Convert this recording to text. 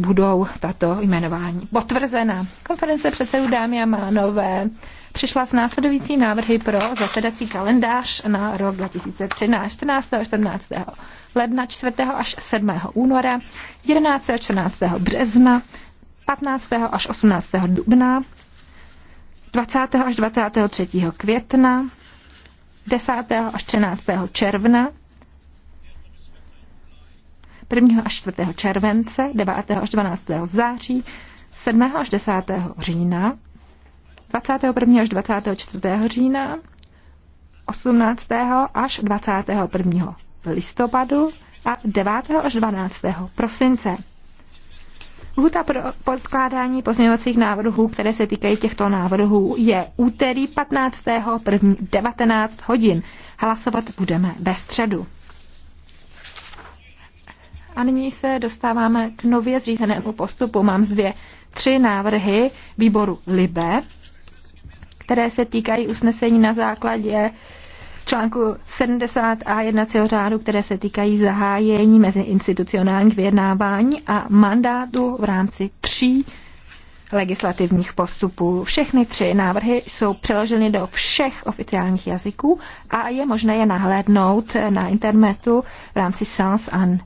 budou tato jmenování potvrzena. Konference předsedů dámy a mánové přišla s následující návrhy pro zasedací kalendář na rok 2013, 14. a 14. ledna, 4. až 7. února, 11. a 14. března, 15. až 18. dubna, 20. až 23. května, 10. až 13. června, 1. až 4. července, 9. až 12. září, 7. až 10. října, 21. až 24. října, 18. až 21. listopadu a 9. až 12. prosince. Lhuta pro podkládání pozměňovacích návrhů, které se týkají těchto návrhů, je úterý 15. 1. 19 hodin. Hlasovat budeme ve středu. A nyní se dostáváme k nově zřízenému postupu. Mám dvě, tři návrhy výboru LIBE, které se týkají usnesení na základě článku 70 a jednacího řádu, které se týkají zahájení institucionálních vyjednávání a mandátu v rámci tří legislativních postupů. Všechny tři návrhy jsou přeloženy do všech oficiálních jazyků a je možné je nahlédnout na internetu v rámci Sans an